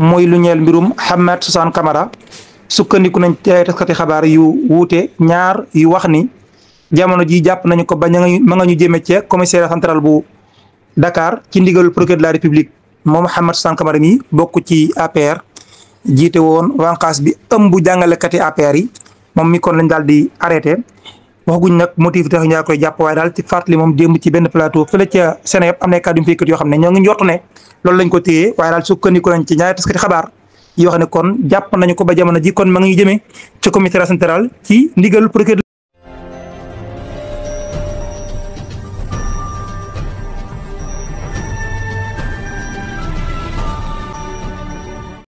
mooy lu ñeel mbirum Hamat Suzanne Camara sukkandiku nañ ci ay taskati xabaar yu wuute ñaar yu wax ni jamono ji jàpp nañu ko ba ñu ma nga ñu jëme ci commissariat central bu Dakar ci ndigalul procureur de la République moom Hamat Suzanne Camara mi bokk ci APR jiite woon wànqaas bi ëmb jàngalekat yi APR yi moom mi kon lañ daal di arrêté. waxaguñ nag motif tax ñaa koy jàpp daal ci fàttali moom benn plateau fële ca xam ne ñoo ne loolu lañ ko téye waaye daal sukkandiku nañ ci ñaari taskati xabaar yoo xam ne kon jàpp nañu ko ba jamono ji kon ma ngi jëmee ci ci ndigal procureur